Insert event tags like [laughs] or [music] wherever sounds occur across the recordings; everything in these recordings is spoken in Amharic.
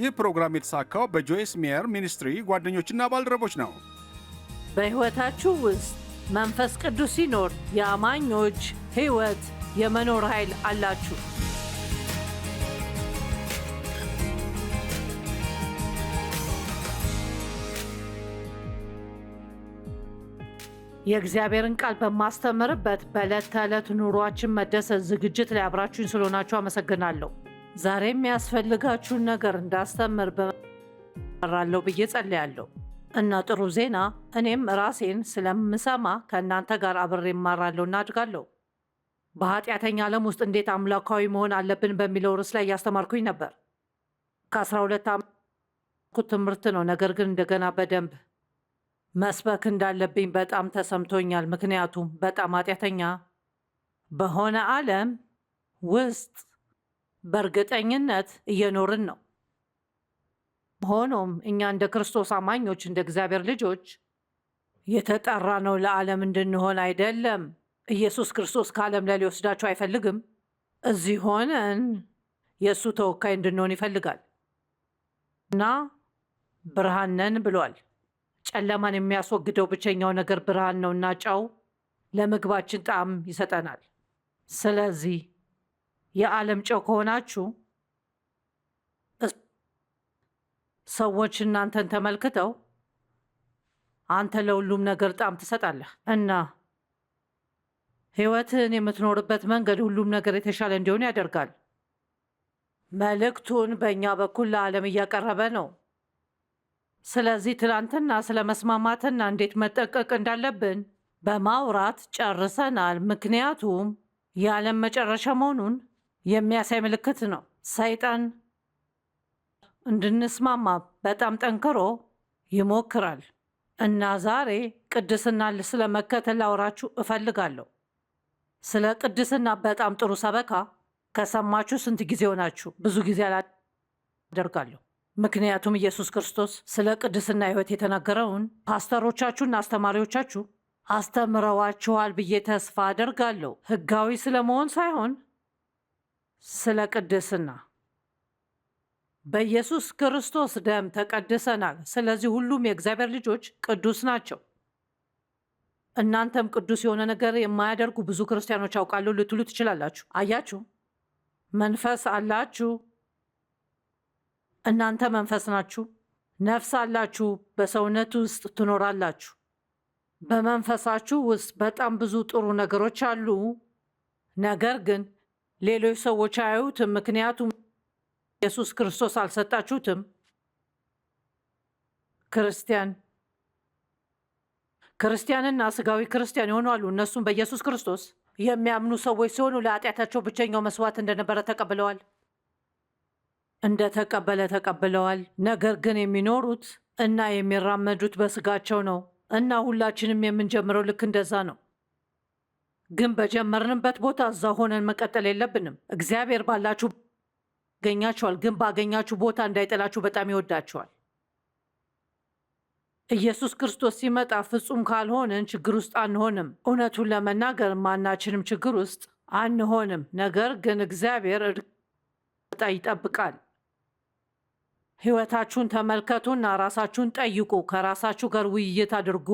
ይህ ፕሮግራም የተሳካው በጆይስ ሜየር ሚኒስትሪ ጓደኞችና ባልደረቦች ነው። በሕይወታችሁ ውስጥ መንፈስ ቅዱስ ሲኖር የአማኞች ሕይወት የመኖር ኃይል አላችሁ። የእግዚአብሔርን ቃል በማስተምርበት በዕለት ተዕለት ኑሯችን መደሰት ዝግጅት ላይ አብራችሁኝ ስለሆናችሁ አመሰግናለሁ። ዛሬ የሚያስፈልጋችሁን ነገር እንዳስተምር በመራለሁ ብዬ ጸልያለሁ እና ጥሩ ዜና እኔም ራሴን ስለምሰማ ከእናንተ ጋር አብሬ እማራለሁ እና አድጋለሁ። በኃጢአተኛ ዓለም ውስጥ እንዴት አምላካዊ መሆን አለብን በሚለው ርዕስ ላይ እያስተማርኩኝ ነበር። ከ12 ዓመት ትምህርት ነው። ነገር ግን እንደገና በደንብ መስበክ እንዳለብኝ በጣም ተሰምቶኛል። ምክንያቱም በጣም ኃጢአተኛ በሆነ ዓለም ውስጥ በእርግጠኝነት እየኖርን ነው። ሆኖም እኛ እንደ ክርስቶስ አማኞች፣ እንደ እግዚአብሔር ልጆች የተጠራ ነው ለዓለም እንድንሆን አይደለም። ኢየሱስ ክርስቶስ ከዓለም ላይ ሊወስዳቸው አይፈልግም። እዚህ ሆነን የእሱ ተወካይ እንድንሆን ይፈልጋል እና ብርሃን ነን ብሏል። ጨለማን የሚያስወግደው ብቸኛው ነገር ብርሃን ነውና ጨው ለምግባችን ጣዕም ይሰጠናል። ስለዚህ የዓለም ጨው ከሆናችሁ ሰዎች እናንተን ተመልክተው አንተ ለሁሉም ነገር ጣዕም ትሰጣለህ እና ሕይወትን የምትኖርበት መንገድ ሁሉም ነገር የተሻለ እንዲሆን ያደርጋል። መልእክቱን በእኛ በኩል ለዓለም እያቀረበ ነው። ስለዚህ ትናንትና ስለ መስማማትና እንዴት መጠቀቅ እንዳለብን በማውራት ጨርሰናል። ምክንያቱም የዓለም መጨረሻ መሆኑን የሚያሳይ ምልክት ነው። ሰይጣን እንድንስማማ በጣም ጠንክሮ ይሞክራል እና ዛሬ ቅድስና መከተል ላውራችሁ እፈልጋለሁ። ስለ ቅድስና በጣም ጥሩ ሰበካ ከሰማችሁ ስንት ጊዜ ሆናችሁ? ብዙ ጊዜ አላደርጋለሁ። ምክንያቱም ኢየሱስ ክርስቶስ ስለ ቅድስና ሕይወት የተናገረውን ፓስተሮቻችሁና አስተማሪዎቻችሁ አስተምረዋችኋል ብዬ ተስፋ አደርጋለሁ። ሕጋዊ ስለመሆን ሳይሆን ስለ ቅድስና በኢየሱስ ክርስቶስ ደም ተቀድሰናል። ስለዚህ ሁሉም የእግዚአብሔር ልጆች ቅዱስ ናቸው። እናንተም ቅዱስ የሆነ ነገር የማያደርጉ ብዙ ክርስቲያኖች አውቃለሁ ልትሉ ትችላላችሁ። አያችሁ፣ መንፈስ አላችሁ፣ እናንተ መንፈስ ናችሁ። ነፍስ አላችሁ፣ በሰውነት ውስጥ ትኖራላችሁ። በመንፈሳችሁ ውስጥ በጣም ብዙ ጥሩ ነገሮች አሉ። ነገር ግን ሌሎች ሰዎች አያዩትም፣ ምክንያቱም ኢየሱስ ክርስቶስ አልሰጣችሁትም። ክርስቲያን ክርስቲያንና ስጋዊ ክርስቲያን አሉ። እነሱም በኢየሱስ ክርስቶስ የሚያምኑ ሰዎች ሲሆኑ ለኃጢአታቸው ብቸኛው መስዋዕት እንደነበረ ተቀብለዋል እንደ ተቀበለ ተቀብለዋል። ነገር ግን የሚኖሩት እና የሚራመዱት በስጋቸው ነው እና ሁላችንም የምንጀምረው ልክ እንደዛ ነው። ግን በጀመርንበት ቦታ እዛ ሆነን መቀጠል የለብንም። እግዚአብሔር ባላችሁ ገኛችኋል፣ ግን ባገኛችሁ ቦታ እንዳይጠላችሁ በጣም ይወዳችኋል። ኢየሱስ ክርስቶስ ሲመጣ ፍጹም ካልሆንን ችግር ውስጥ አንሆንም። እውነቱን ለመናገር ማናችንም ችግር ውስጥ አንሆንም። ነገር ግን እግዚአብሔር እርጣ ይጠብቃል። ሕይወታችሁን ተመልከቱና ራሳችሁን ጠይቁ። ከራሳችሁ ጋር ውይይት አድርጉ።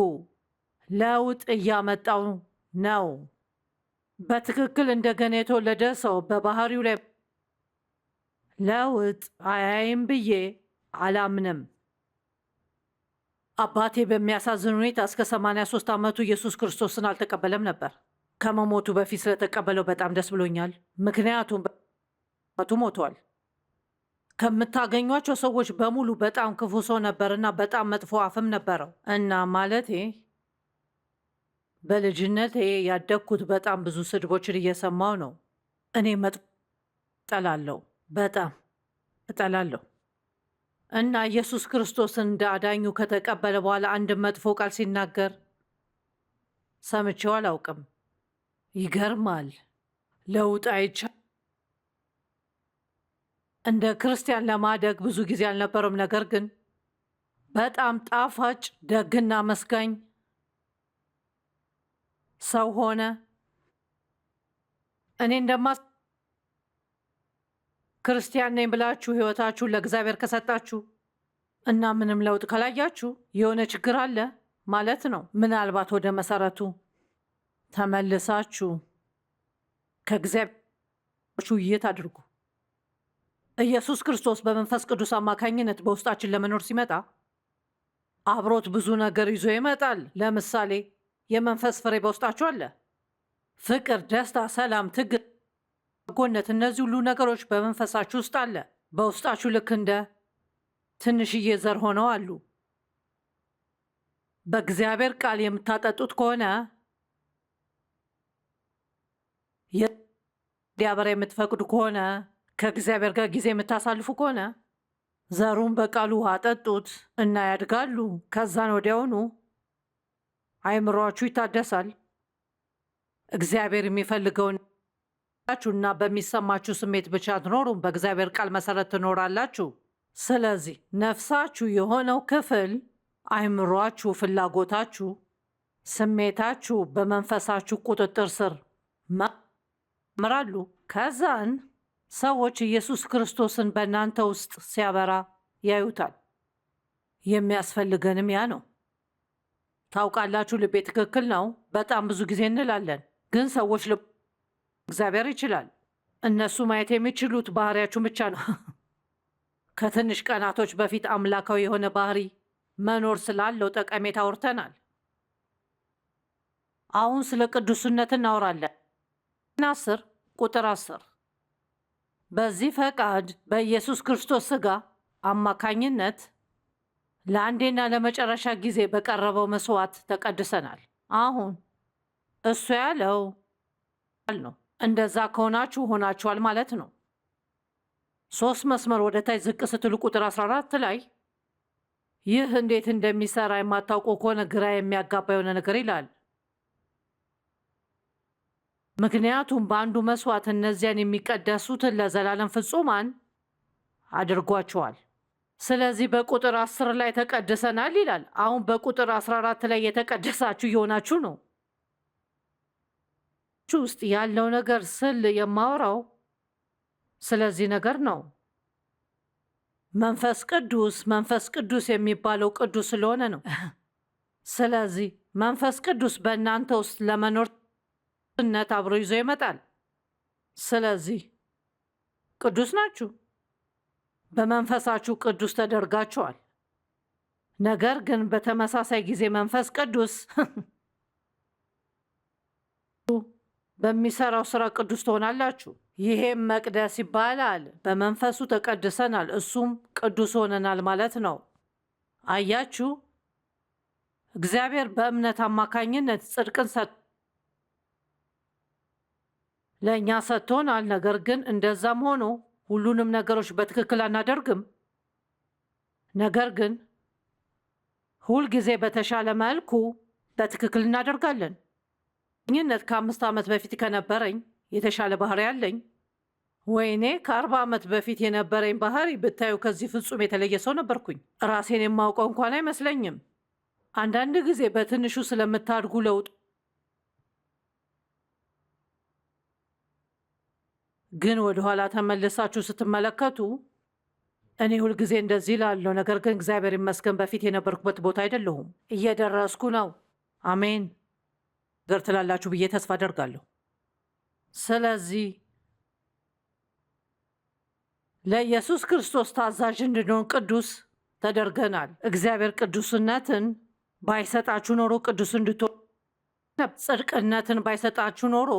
ለውጥ እያመጣው ነው። በትክክል እንደገና የተወለደ ሰው በባህሪው ላይ ለውጥ አያይም ብዬ አላምንም። አባቴ በሚያሳዝን ሁኔታ እስከ 83 ዓመቱ ኢየሱስ ክርስቶስን አልተቀበለም ነበር። ከመሞቱ በፊት ስለተቀበለው በጣም ደስ ብሎኛል፣ ምክንያቱም በቱ ሞቷል። ከምታገኟቸው ሰዎች በሙሉ በጣም ክፉ ሰው ነበርና በጣም መጥፎ አፍም ነበረው እና ማለቴ በልጅነት ያደግኩት በጣም ብዙ ስድቦችን እየሰማው ነው። እኔ እጠላለሁ፣ በጣም እጠላለሁ እና ኢየሱስ ክርስቶስን እንደ አዳኙ ከተቀበለ በኋላ አንድ መጥፎ ቃል ሲናገር ሰምቼው አላውቅም። ይገርማል። ለውጥ አይቻ እንደ ክርስቲያን ለማደግ ብዙ ጊዜ አልነበረም። ነገር ግን በጣም ጣፋጭ ደግና መስጋኝ ሰው ሆነ። እኔ እንደማ ክርስቲያን ነኝ ብላችሁ ህይወታችሁን ለእግዚአብሔር ከሰጣችሁ እና ምንም ለውጥ ከላያችሁ የሆነ ችግር አለ ማለት ነው። ምናልባት ወደ መሰረቱ ተመልሳችሁ ከእግዚአብሔር ውይይት አድርጉ። ኢየሱስ ክርስቶስ በመንፈስ ቅዱስ አማካኝነት በውስጣችን ለመኖር ሲመጣ አብሮት ብዙ ነገር ይዞ ይመጣል። ለምሳሌ የመንፈስ ፍሬ በውስጣችሁ አለ። ፍቅር፣ ደስታ፣ ሰላም፣ ትግል፣ በጎነት፣ እነዚህ ሁሉ ነገሮች በመንፈሳችሁ ውስጥ አለ። በውስጣችሁ ልክ እንደ ትንሽዬ ዘር ሆነው አሉ። በእግዚአብሔር ቃል የምታጠጡት ከሆነ ዲያበራ የምትፈቅዱ ከሆነ ከእግዚአብሔር ጋር ጊዜ የምታሳልፉ ከሆነ ዘሩን በቃሉ ውሃ አጠጡት እና ያድጋሉ። ከዛን ወዲያውኑ አይምሯችሁ ይታደሳል። እግዚአብሔር የሚፈልገውን ችሁና በሚሰማችሁ ስሜት ብቻ ትኖሩም በእግዚአብሔር ቃል መሰረት ትኖራላችሁ። ስለዚህ ነፍሳችሁ የሆነው ክፍል አይምሯችሁ፣ ፍላጎታችሁ፣ ስሜታችሁ በመንፈሳችሁ ቁጥጥር ስር መራሉ። ከዛን ሰዎች ኢየሱስ ክርስቶስን በእናንተ ውስጥ ሲያበራ ያዩታል። የሚያስፈልገንም ያ ነው። ታውቃላችሁ፣ ልቤ ትክክል ነው። በጣም ብዙ ጊዜ እንላለን፣ ግን ሰዎች ልብ እግዚአብሔር ይችላል። እነሱ ማየት የሚችሉት ባህሪያችሁ ብቻ ነው። [laughs] ከትንሽ ቀናቶች በፊት አምላካዊ የሆነ ባህሪ መኖር ስላለው ጠቀሜታ አውርተናል። አሁን ስለ ቅዱስነት እናወራለን። አስር ቁጥር አስር በዚህ ፈቃድ በኢየሱስ ክርስቶስ ሥጋ አማካኝነት ለአንዴና ለመጨረሻ ጊዜ በቀረበው መስዋዕት ተቀድሰናል። አሁን እሱ ያለው ነው። እንደዛ ከሆናችሁ ሆናችኋል ማለት ነው። ሶስት መስመር ወደ ታች ዝቅ ስትሉ ቁጥር 14 ላይ ይህ እንዴት እንደሚሰራ የማታውቀው ከሆነ ግራ የሚያጋባ የሆነ ነገር ይላል። ምክንያቱም በአንዱ መስዋዕት እነዚያን የሚቀደሱትን ለዘላለም ፍጹማን አድርጓቸዋል። ስለዚህ በቁጥር አስር ላይ ተቀድሰናል ይላል። አሁን በቁጥር አስራ አራት ላይ የተቀደሳችሁ እየሆናችሁ ነው። ውስጥ ያለው ነገር ስል የማወራው ስለዚህ ነገር ነው። መንፈስ ቅዱስ መንፈስ ቅዱስ የሚባለው ቅዱስ ስለሆነ ነው። ስለዚህ መንፈስ ቅዱስ በእናንተ ውስጥ ለመኖር ነት አብሮ ይዞ ይመጣል። ስለዚህ ቅዱስ ናችሁ። በመንፈሳችሁ ቅዱስ ተደርጋችኋል። ነገር ግን በተመሳሳይ ጊዜ መንፈስ ቅዱስ በሚሰራው ስራ ቅዱስ ትሆናላችሁ። ይሄም መቅደስ ይባላል። በመንፈሱ ተቀድሰናል፣ እሱም ቅዱስ ሆነናል ማለት ነው። አያችሁ፣ እግዚአብሔር በእምነት አማካኝነት ጽድቅን ለእኛ ሰጥቶናል። ነገር ግን እንደዛም ሆኖ ሁሉንም ነገሮች በትክክል አናደርግም። ነገር ግን ሁልጊዜ በተሻለ መልኩ በትክክል እናደርጋለን። ግንኙነት ከአምስት ዓመት በፊት ከነበረኝ የተሻለ ባህሪ አለኝ። ወይኔ ከአርባ ዓመት በፊት የነበረኝ ባህሪ ብታዩ ከዚህ ፍጹም የተለየ ሰው ነበርኩኝ። ራሴን የማውቀው እንኳን አይመስለኝም። አንዳንድ ጊዜ በትንሹ ስለምታድጉ ለውጥ ግን ወደኋላ ተመልሳችሁ ስትመለከቱ እኔ ሁልጊዜ እንደዚህ ላለው፣ ነገር ግን እግዚአብሔር ይመስገን በፊት የነበርኩበት ቦታ አይደለሁም። እየደረስኩ ነው። አሜን ገር ትላላችሁ ብዬ ተስፋ አደርጋለሁ። ስለዚህ ለኢየሱስ ክርስቶስ ታዛዥ እንድንሆን ቅዱስ ተደርገናል። እግዚአብሔር ቅዱስነትን ባይሰጣችሁ ኖሮ ቅዱስ እንድትሆኑ ጽድቅነትን ባይሰጣችሁ ኖሮ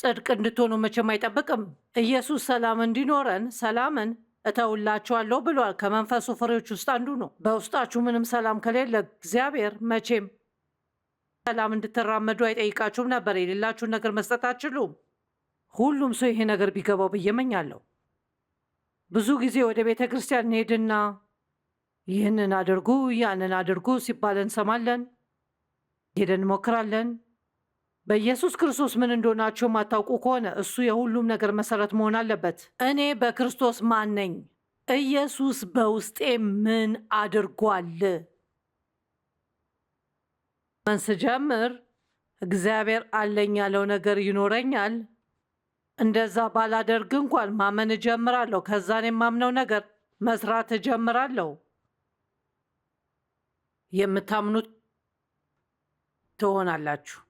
ጽድቅ እንድትሆኑ መቼም አይጠብቅም። ኢየሱስ ሰላም እንዲኖረን ሰላምን እተውላችኋለሁ ብሏል። ከመንፈሱ ፍሬዎች ውስጥ አንዱ ነው። በውስጣችሁ ምንም ሰላም ከሌለ እግዚአብሔር መቼም ሰላም እንድትራመዱ አይጠይቃችሁም ነበር። የሌላችሁን ነገር መስጠት አችሉም። ሁሉም ሰው ይሄ ነገር ቢገባው ብዬ እመኛለሁ። ብዙ ጊዜ ወደ ቤተ ክርስቲያን እንሄድና ይህንን አድርጉ ያንን አድርጉ ሲባል እንሰማለን፣ ሄደን እንሞክራለን። በኢየሱስ ክርስቶስ ምን እንደሆናቸው የማታውቁ ከሆነ እሱ የሁሉም ነገር መሰረት መሆን አለበት። እኔ በክርስቶስ ማን ነኝ? ኢየሱስ በውስጤ ምን አድርጓል? ምን ስጀምር እግዚአብሔር አለኝ ያለው ነገር ይኖረኛል። እንደዛ ባላደርግ እንኳን ማመን እጀምራለሁ። ከዛን የማምነው ነገር መስራት እጀምራለሁ። የምታምኑት ትሆናላችሁ።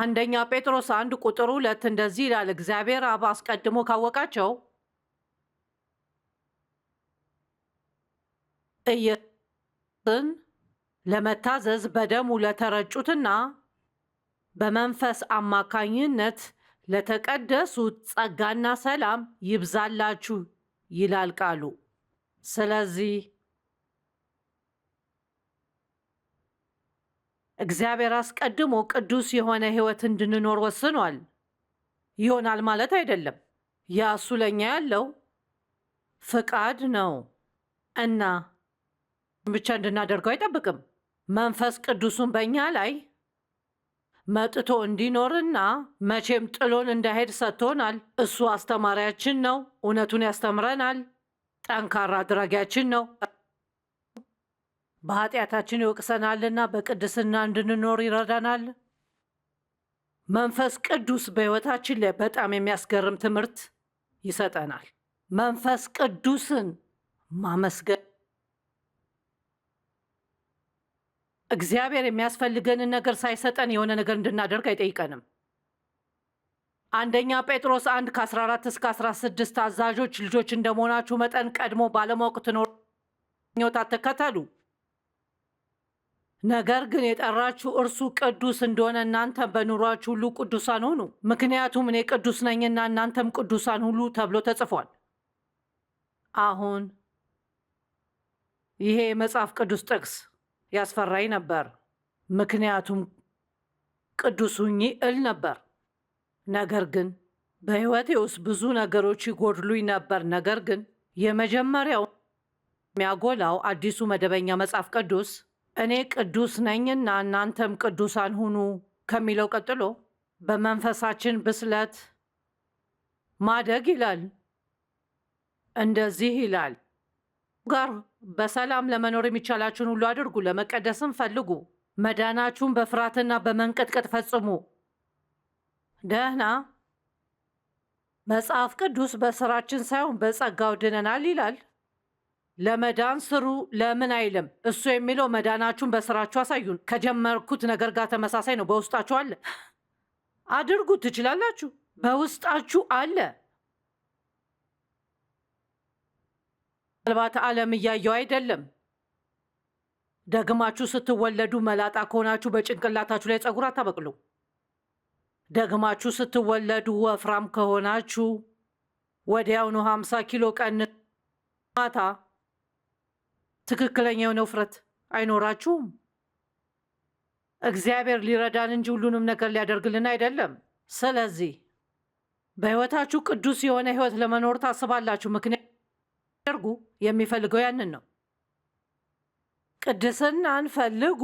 አንደኛ ጴጥሮስ አንድ ቁጥር ሁለት እንደዚህ ይላል፣ እግዚአብሔር አብ አስቀድሞ ካወቃቸው ኢየሱስን ለመታዘዝ በደሙ ለተረጩትና በመንፈስ አማካኝነት ለተቀደሱት ጸጋና ሰላም ይብዛላችሁ ይላል ቃሉ። ስለዚህ እግዚአብሔር አስቀድሞ ቅዱስ የሆነ ሕይወት እንድንኖር ወስኗል። ይሆናል ማለት አይደለም። ያ እሱ ለእኛ ያለው ፍቃድ ነው እና ብቻ እንድናደርገው አይጠብቅም። መንፈስ ቅዱሱን በእኛ ላይ መጥቶ እንዲኖርና መቼም ጥሎን እንዳይሄድ ሰጥቶናል። እሱ አስተማሪያችን ነው። እውነቱን ያስተምረናል። ጠንካራ አድራጊያችን ነው። በኃጢአታችን ይወቅሰናልና በቅድስና እንድንኖር ይረዳናል። መንፈስ ቅዱስ በሕይወታችን ላይ በጣም የሚያስገርም ትምህርት ይሰጠናል። መንፈስ ቅዱስን ማመስገን እግዚአብሔር የሚያስፈልገንን ነገር ሳይሰጠን የሆነ ነገር እንድናደርግ አይጠይቀንም። አንደኛ ጴጥሮስ 1 ከ14 እስከ 16 አዛዦች ልጆች እንደመሆናችሁ መጠን ቀድሞ ባለማወቅ ትኖር ተከተሉ ነገር ግን የጠራችሁ እርሱ ቅዱስ እንደሆነ እናንተ በኑሯችሁ ሁሉ ቅዱሳን ሁኑ፣ ምክንያቱም እኔ ቅዱስ ነኝና እናንተም ቅዱሳን ሁሉ ተብሎ ተጽፏል። አሁን ይሄ የመጽሐፍ ቅዱስ ጥቅስ ያስፈራኝ ነበር፣ ምክንያቱም ቅዱስ ሁኚ እል ነበር። ነገር ግን በሕይወቴ ውስጥ ብዙ ነገሮች ይጎድሉኝ ነበር። ነገር ግን የመጀመሪያው የሚያጎላው አዲሱ መደበኛ መጽሐፍ ቅዱስ እኔ ቅዱስ ነኝና እናንተም ቅዱሳን ሁኑ ከሚለው ቀጥሎ በመንፈሳችን ብስለት ማደግ ይላል። እንደዚህ ይላል ጋር በሰላም ለመኖር የሚቻላችሁን ሁሉ አድርጉ፣ ለመቀደስም ፈልጉ፣ መዳናችሁን በፍርሃትና በመንቀጥቀጥ ፈጽሙ። ደህና መጽሐፍ ቅዱስ በስራችን ሳይሆን በጸጋው ድነናል ይላል። ለመዳን ስሩ ለምን አይልም። እሱ የሚለው መዳናችሁን በስራችሁ አሳዩን። ከጀመርኩት ነገር ጋር ተመሳሳይ ነው። በውስጣችሁ አለ፣ አድርጉ ትችላላችሁ። በውስጣችሁ አለ። ምናልባት ዓለም እያየው አይደለም። ደግማችሁ ስትወለዱ መላጣ ከሆናችሁ በጭንቅላታችሁ ላይ ጸጉር አታበቅሉ። ደግማችሁ ስትወለዱ ወፍራም ከሆናችሁ ወዲያውኑ 50 ኪሎ ቀን ማታ ትክክለኛ የሆነ ውፍረት አይኖራችሁም። እግዚአብሔር ሊረዳን እንጂ ሁሉንም ነገር ሊያደርግልን አይደለም። ስለዚህ በሕይወታችሁ ቅዱስ የሆነ ሕይወት ለመኖር ታስባላችሁ። ምክንያት ደርጉ የሚፈልገው ያንን ነው። ቅድስናን ፈልጉ።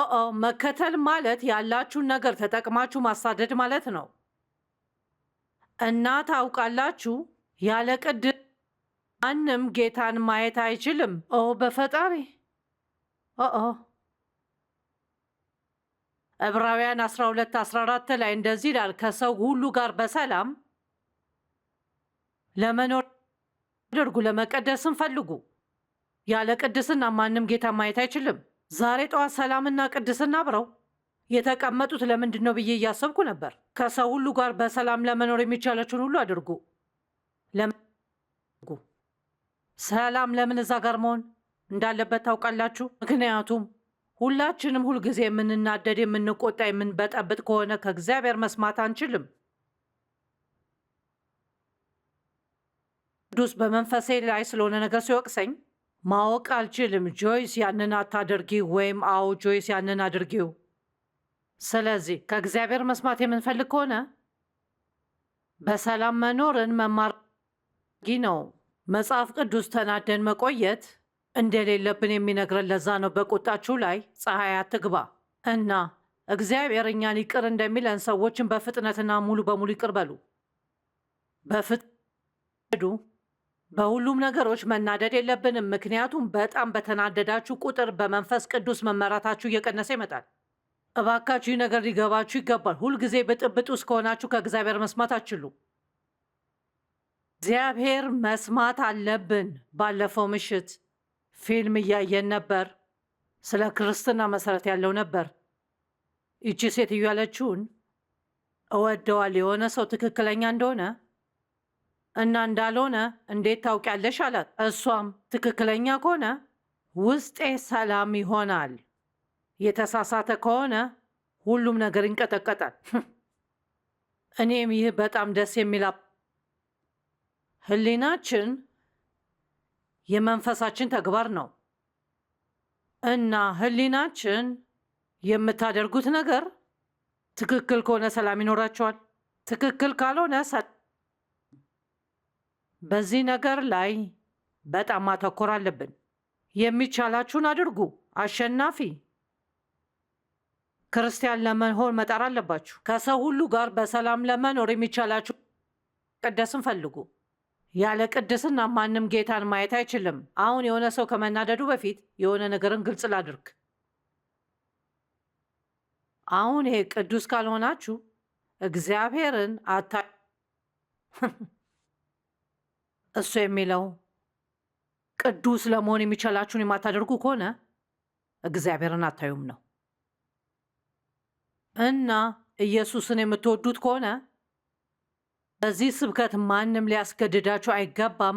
ኦኦ መከተል ማለት ያላችሁን ነገር ተጠቅማችሁ ማሳደድ ማለት ነው እና ታውቃላችሁ ያለ ቅድስ ማንም ጌታን ማየት አይችልም። ኦ በፈጣሪ ኦ ዕብራውያን 12 14 ላይ እንደዚህ ይላል፣ ከሰው ሁሉ ጋር በሰላም ለመኖር አድርጉ፣ ለመቀደስም ፈልጉ። ያለ ቅድስና ማንም ጌታ ማየት አይችልም። ዛሬ ጠዋት ሰላምና ቅድስና አብረው የተቀመጡት ለምንድን ነው ብዬ እያሰብኩ ነበር። ከሰው ሁሉ ጋር በሰላም ለመኖር የሚቻላችሁን ሁሉ አድርጉ። ሰላም ለምን እዛ ጋር መሆን እንዳለበት ታውቃላችሁ? ምክንያቱም ሁላችንም ሁልጊዜ የምንናደድ፣ የምንቆጣ፣ የምንበጠብጥ ከሆነ ከእግዚአብሔር መስማት አንችልም። ቅዱስ በመንፈሴ ላይ ስለሆነ ነገር ሲወቅሰኝ ማወቅ አልችልም። ጆይስ ያንን አታደርጊው ወይም አዎ ጆይስ ያንን አድርጊው። ስለዚህ ከእግዚአብሔር መስማት የምንፈልግ ከሆነ በሰላም መኖርን መማር ነው። መጽሐፍ ቅዱስ ተናደን መቆየት እንደሌለብን የሚነግረን ለዛ ነው። በቁጣችሁ ላይ ፀሐይ አትግባ እና እግዚአብሔር እኛን ይቅር እንደሚለን ሰዎችን በፍጥነትና ሙሉ በሙሉ ይቅር በሉ። በፍጥዱ በሁሉም ነገሮች መናደድ የለብንም፣ ምክንያቱም በጣም በተናደዳችሁ ቁጥር በመንፈስ ቅዱስ መመራታችሁ እየቀነሰ ይመጣል። እባካችሁ ይህ ነገር ሊገባችሁ ይገባል። ሁልጊዜ ብጥብጥ ውስጥ ከሆናችሁ ከእግዚአብሔር መስማት አትችሉም። እግዚአብሔር መስማት አለብን። ባለፈው ምሽት ፊልም እያየን ነበር። ስለ ክርስትና መሰረት ያለው ነበር። ይቺ ሴትዮ ያለችውን እወደዋል የሆነ ሰው ትክክለኛ እንደሆነ እና እንዳልሆነ እንዴት ታውቂያለሽ? አላት። እሷም ትክክለኛ ከሆነ ውስጤ ሰላም ይሆናል፣ የተሳሳተ ከሆነ ሁሉም ነገር ይንቀጠቀጣል። [laughs] እኔም ይህ በጣም ደስ የሚል ህሊናችን የመንፈሳችን ተግባር ነው እና ህሊናችን የምታደርጉት ነገር ትክክል ከሆነ ሰላም ይኖራቸዋል፣ ትክክል ካልሆነ በዚህ ነገር ላይ በጣም ማተኮር አለብን። የሚቻላችሁን አድርጉ። አሸናፊ ክርስቲያን ለመሆን መጣር አለባችሁ። ከሰው ሁሉ ጋር በሰላም ለመኖር የሚቻላችሁ ቅደስን ፈልጉ። ያለ ቅድስና ማንም ጌታን ማየት አይችልም። አሁን የሆነ ሰው ከመናደዱ በፊት የሆነ ነገርን ግልጽ ላድርግ። አሁን ይሄ ቅዱስ ካልሆናችሁ እግዚአብሔርን አታ [laughs] እሱ የሚለው ቅዱስ ለመሆን የሚቻላችሁን የማታደርጉ ከሆነ እግዚአብሔርን አታዩም ነው እና ኢየሱስን የምትወዱት ከሆነ በዚህ ስብከት ማንም ሊያስገድዳችሁ አይገባም።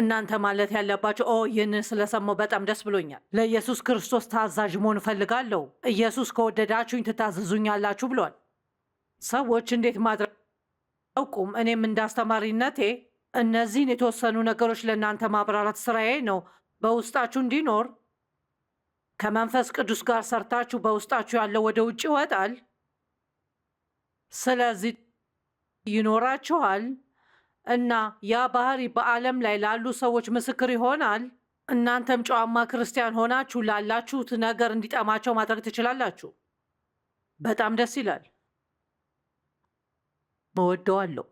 እናንተ ማለት ያለባችሁ ኦ ይህንን ስለሰማው በጣም ደስ ብሎኛል፣ ለኢየሱስ ክርስቶስ ታዛዥ መሆን እፈልጋለሁ፣ ኢየሱስ ከወደዳችሁኝ ትታዘዙኛላችሁ ብሏል። ሰዎች እንዴት ማድረግ አውቁም። እኔም እንዳስተማሪነቴ እነዚህን የተወሰኑ ነገሮች ለእናንተ ማብራራት ስራዬ ነው። በውስጣችሁ እንዲኖር ከመንፈስ ቅዱስ ጋር ሰርታችሁ በውስጣችሁ ያለው ወደ ውጭ ይወጣል። ስለዚህ ይኖራችኋል እና ያ ባህሪ በዓለም ላይ ላሉ ሰዎች ምስክር ይሆናል። እናንተም ጨዋማ ክርስቲያን ሆናችሁ ላላችሁት ነገር እንዲጠማቸው ማድረግ ትችላላችሁ። በጣም ደስ ይላል። እወደዋለሁ።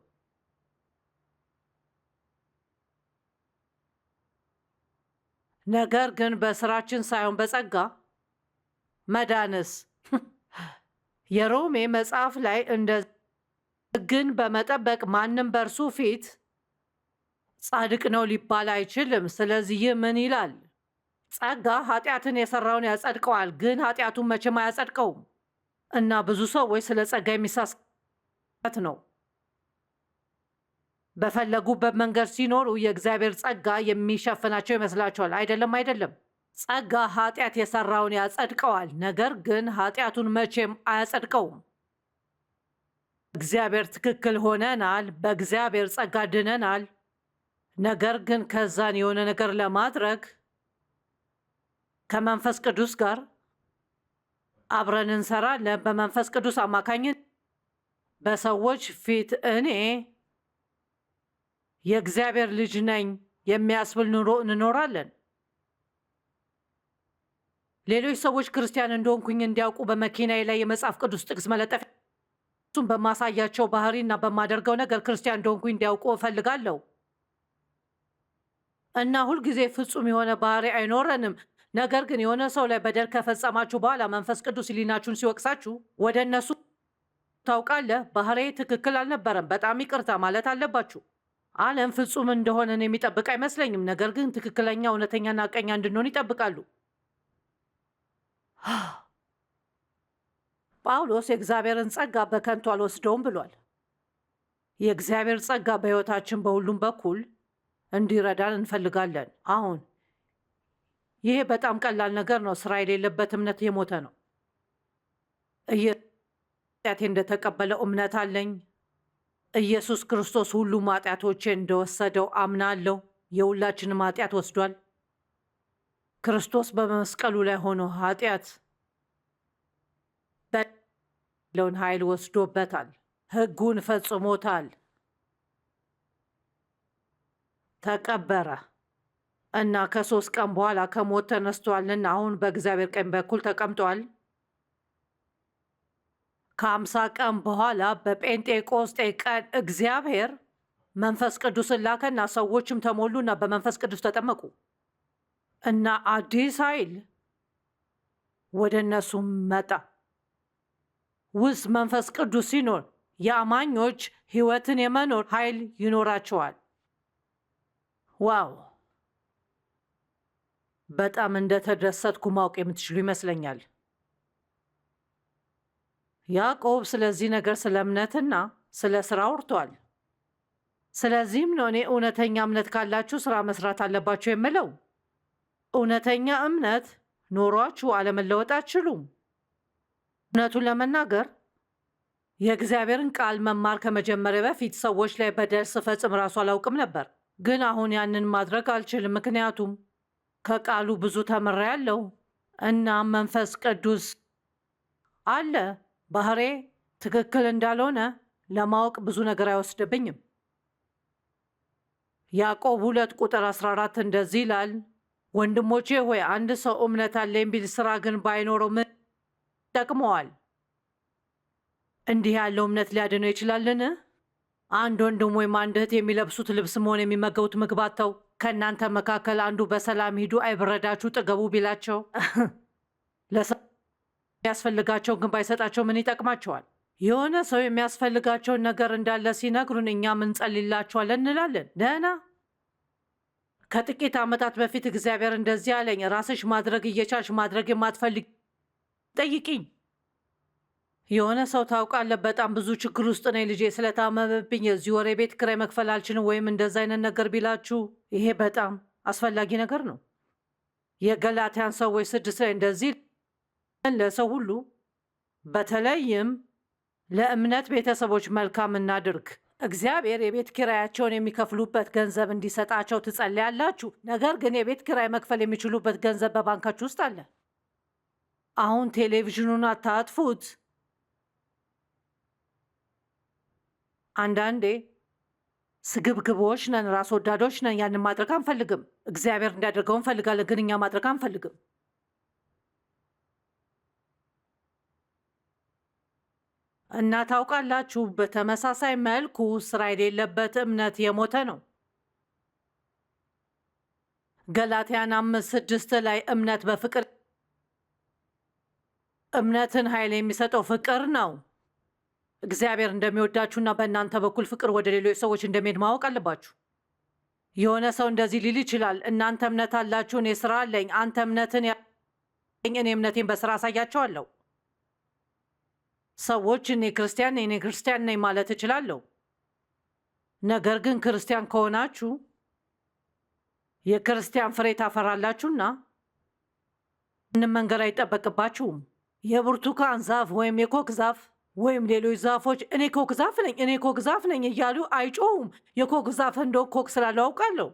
ነገር ግን በስራችን ሳይሆን በጸጋ መዳንስ [laughs] የሮሜ መጽሐፍ ላይ እንደ ሕግን በመጠበቅ ማንም በእርሱ ፊት ጻድቅ ነው ሊባል አይችልም። ስለዚህ ይህ ምን ይላል? ጸጋ ኃጢአትን የሰራውን ያጸድቀዋል፣ ግን ኃጢአቱን መቼም አያጸድቀውም። እና ብዙ ሰዎች ስለ ጸጋ የሚሳሳት ነው። በፈለጉበት መንገድ ሲኖሩ የእግዚአብሔር ጸጋ የሚሸፍናቸው ይመስላቸዋል። አይደለም፣ አይደለም። ጸጋ ኃጢአት የሰራውን ያጸድቀዋል፣ ነገር ግን ኃጢአቱን መቼም አያጸድቀውም። እግዚአብሔር ትክክል ሆነናል፣ በእግዚአብሔር ጸጋ ድነናል። ነገር ግን ከዛን የሆነ ነገር ለማድረግ ከመንፈስ ቅዱስ ጋር አብረን እንሰራለን። በመንፈስ ቅዱስ አማካኝነት በሰዎች ፊት እኔ የእግዚአብሔር ልጅ ነኝ የሚያስብል ኑሮ እንኖራለን። ሌሎች ሰዎች ክርስቲያን እንደሆንኩኝ እንዲያውቁ በመኪናዬ ላይ የመጽሐፍ ቅዱስ ጥቅስ መለጠፍ እሱም በማሳያቸው ባህሪና በማደርገው ነገር ክርስቲያን እንደሆንኩ እንዲያውቁ እፈልጋለሁ እና ሁልጊዜ ፍጹም የሆነ ባህሪ አይኖረንም። ነገር ግን የሆነ ሰው ላይ በደል ከፈጸማችሁ በኋላ መንፈስ ቅዱስ ሊናችሁን ሲወቅሳችሁ ወደ እነሱ ታውቃለህ፣ ባህሬ ትክክል አልነበረም፣ በጣም ይቅርታ ማለት አለባችሁ። ዓለም ፍጹም እንደሆነን የሚጠብቅ አይመስለኝም፣ ነገር ግን ትክክለኛ እውነተኛና ቀኛ እንድንሆን ይጠብቃሉ። ጳውሎስ የእግዚአብሔርን ጸጋ በከንቱ አልወስደውም ብሏል። የእግዚአብሔር ጸጋ በሕይወታችን በሁሉም በኩል እንዲረዳን እንፈልጋለን። አሁን ይሄ በጣም ቀላል ነገር ነው። ስራ የሌለበት እምነት የሞተ ነው። ኃጢአቴ እንደተቀበለው እምነት አለኝ። ኢየሱስ ክርስቶስ ሁሉም ኃጢአቶቼ እንደወሰደው አምናለሁ። የሁላችንም ኃጢአት ወስዷል። ክርስቶስ በመስቀሉ ላይ ሆኖ ኃጢአት ያለውን ኃይል ወስዶበታል። ሕጉን ፈጽሞታል። ተቀበረ እና ከሶስት ቀን በኋላ ከሞት ተነስቷልና አሁን በእግዚአብሔር ቀኝ በኩል ተቀምጧል። ከአምሳ ቀን በኋላ በጴንጤቆስጤ ቀን እግዚአብሔር መንፈስ ቅዱስን ላከና ሰዎችም ተሞሉና በመንፈስ ቅዱስ ተጠመቁ እና አዲስ ኃይል ወደ እነሱም መጣ። ውስጥ መንፈስ ቅዱስ ሲኖር የአማኞች ሕይወትን የመኖር ኃይል ይኖራቸዋል። ዋው! በጣም እንደተደሰትኩ ማወቅ የምትችሉ ይመስለኛል። ያዕቆብ ስለዚህ ነገር ስለ እምነትና ስለ ሥራ አውርቷል። ስለዚህም ነው እኔ እውነተኛ እምነት ካላችሁ ሥራ መስራት አለባችሁ የምለው። እውነተኛ እምነት ኖሯችሁ አለመለወጥ አትችሉም። እውነቱን ለመናገር የእግዚአብሔርን ቃል መማር ከመጀመሪያ በፊት ሰዎች ላይ በደል ስፈጽም ራሱ አላውቅም ነበር። ግን አሁን ያንን ማድረግ አልችልም፣ ምክንያቱም ከቃሉ ብዙ ተምሬያለሁ እና መንፈስ ቅዱስ አለ። ባህሬ ትክክል እንዳልሆነ ለማወቅ ብዙ ነገር አይወስድብኝም። ያዕቆብ ሁለት ቁጥር 14 እንደዚህ ይላል፣ ወንድሞቼ ሆይ አንድ ሰው እምነት አለኝ ቢል ስራ ግን ባይኖረው ምን ጠቅመዋል። እንዲህ ያለው እምነት ሊያድነው ይችላልን? አንድ ወንድም ወይም አንድ እህት የሚለብሱት ልብስ መሆን የሚመገቡት ምግብ አጥተው ከእናንተ መካከል አንዱ በሰላም ሂዱ፣ አይበረዳችሁ፣ ጥገቡ ቢላቸው [laughs] የሚያስፈልጋቸውን ግን ባይሰጣቸው ምን ይጠቅማቸዋል? የሆነ ሰው የሚያስፈልጋቸውን ነገር እንዳለ ሲነግሩን እኛም እንጸልይላቸዋለን እንላለን። ደህና ከጥቂት ዓመታት በፊት እግዚአብሔር እንደዚህ አለኝ፣ ራስሽ ማድረግ እየቻልሽ ማድረግ የማትፈልግ ጠይቂኝ። የሆነ ሰው ታውቃለህ? በጣም ብዙ ችግር ውስጥ ነኝ። ልጄ ስለታመመብኝ የዚህ ወር የቤት ክራይ መክፈል አልችልም፣ ወይም እንደዛ አይነት ነገር ቢላችሁ፣ ይሄ በጣም አስፈላጊ ነገር ነው። የገላትያን ሰዎች ስድስት ላይ እንደዚህ ለሰው ሁሉ በተለይም ለእምነት ቤተሰቦች መልካም እናድርግ። እግዚአብሔር የቤት ኪራያቸውን የሚከፍሉበት ገንዘብ እንዲሰጣቸው ትጸልያላችሁ። ነገር ግን የቤት ኪራይ መክፈል የሚችሉበት ገንዘብ በባንካችሁ ውስጥ አለ። አሁን ቴሌቪዥኑን አታጥፉት። አንዳንዴ ስግብግቦች ነን፣ ራስ ወዳዶች ነን። ያንን ማድረግ አንፈልግም። እግዚአብሔር እንዲያደርገው እንፈልጋለን፣ ግን እኛ ማድረግ አንፈልግም። እና ታውቃላችሁ፣ በተመሳሳይ መልኩ ስራ የሌለበት እምነት የሞተ ነው። ገላትያን አምስት ስድስት ላይ እምነት በፍቅር እምነትን ኃይል የሚሰጠው ፍቅር ነው። እግዚአብሔር እንደሚወዳችሁና በእናንተ በኩል ፍቅር ወደ ሌሎች ሰዎች እንደሚሄድ ማወቅ አለባችሁ። የሆነ ሰው እንደዚህ ሊል ይችላል፣ እናንተ እምነት አላችሁ፣ እኔ ስራ አለኝ። አንተ እምነትን ያለኝ፣ እኔ እምነቴን በስራ አሳያቸዋለሁ። ሰዎች እኔ ክርስቲያን ነኝ፣ እኔ ክርስቲያን ነኝ ማለት እችላለሁ። ነገር ግን ክርስቲያን ከሆናችሁ የክርስቲያን ፍሬ ታፈራላችሁና ምንም መንገድ አይጠበቅባችሁም። የብርቱካን ዛፍ ወይም የኮክ ዛፍ ወይም ሌሎች ዛፎች እኔ ኮክ ዛፍ ነኝ እኔ ኮክ ዛፍ ነኝ እያሉ አይጮሁም። የኮክ ዛፍ እንደ ኮክ ስላለው አውቃለሁ።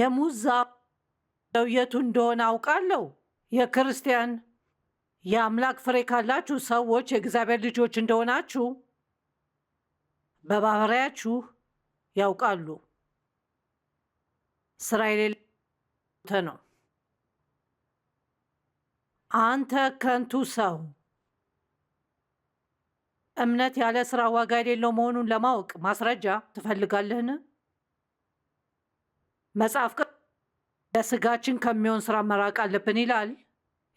የሙዝ ዛፍ ለውየቱ እንደሆነ አውቃለሁ። የክርስቲያን የአምላክ ፍሬ ካላችሁ ሰዎች የእግዚአብሔር ልጆች እንደሆናችሁ በባህሪያችሁ ያውቃሉ። ስራ የሌለ ነው። አንተ ከንቱ ሰው እምነት ያለ ስራ ዋጋ የሌለው መሆኑን ለማወቅ ማስረጃ ትፈልጋለህን? መጽሐፍ ለስጋችን ከሚሆን ስራ መራቅ አለብን ይላል።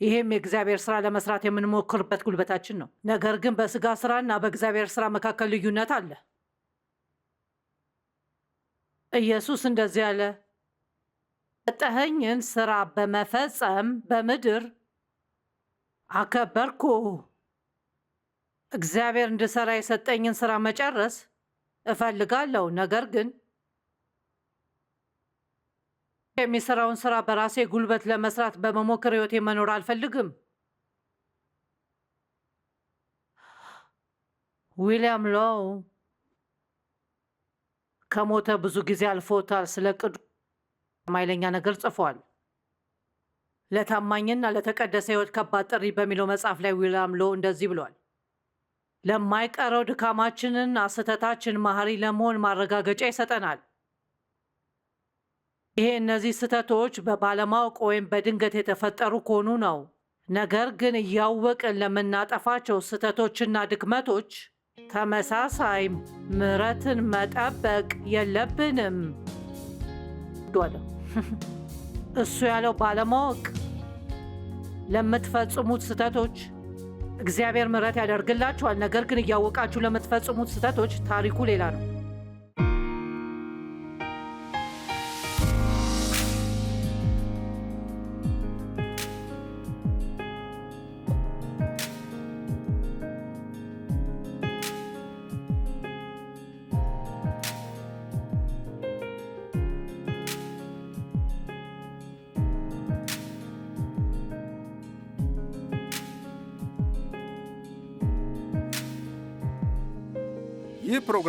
ይህም የእግዚአብሔር ስራ ለመስራት የምንሞክርበት ጉልበታችን ነው። ነገር ግን በስጋ ስራና በእግዚአብሔር ስራ መካከል ልዩነት አለ። ኢየሱስ እንደዚህ አለ፣ ሰጠኸኝን ስራ በመፈጸም በምድር አከበርኩ። እግዚአብሔር እንድሠራ የሰጠኝን ስራ መጨረስ እፈልጋለሁ። ነገር ግን የሚሰራውን ስራ በራሴ ጉልበት ለመስራት በመሞከር ሕይወቴ መኖር አልፈልግም። ዊልያም ሎው ከሞተ ብዙ ጊዜ አልፎታል። ስለ ቅዱስ ማይለኛ ነገር ጽፏል። ለታማኝና ለተቀደሰ ህይወት ከባድ ጥሪ በሚለው መጽሐፍ ላይ ዊልያም ሎ እንደዚህ ብሏል። ለማይቀረው ድካማችንን ስህተታችን መሐሪ ለመሆን ማረጋገጫ ይሰጠናል። ይሄ እነዚህ ስህተቶች በባለማወቅ ወይም በድንገት የተፈጠሩ ከሆኑ ነው። ነገር ግን እያወቅን ለምናጠፋቸው ስህተቶችና ድክመቶች ተመሳሳይ ምሕረትን መጠበቅ የለብንም። [laughs] እሱ ያለው ባለማወቅ ለምትፈጽሙት ስህተቶች እግዚአብሔር ምሕረት ያደርግላችኋል። ነገር ግን እያወቃችሁ ለምትፈጽሙት ስህተቶች ታሪኩ ሌላ ነው።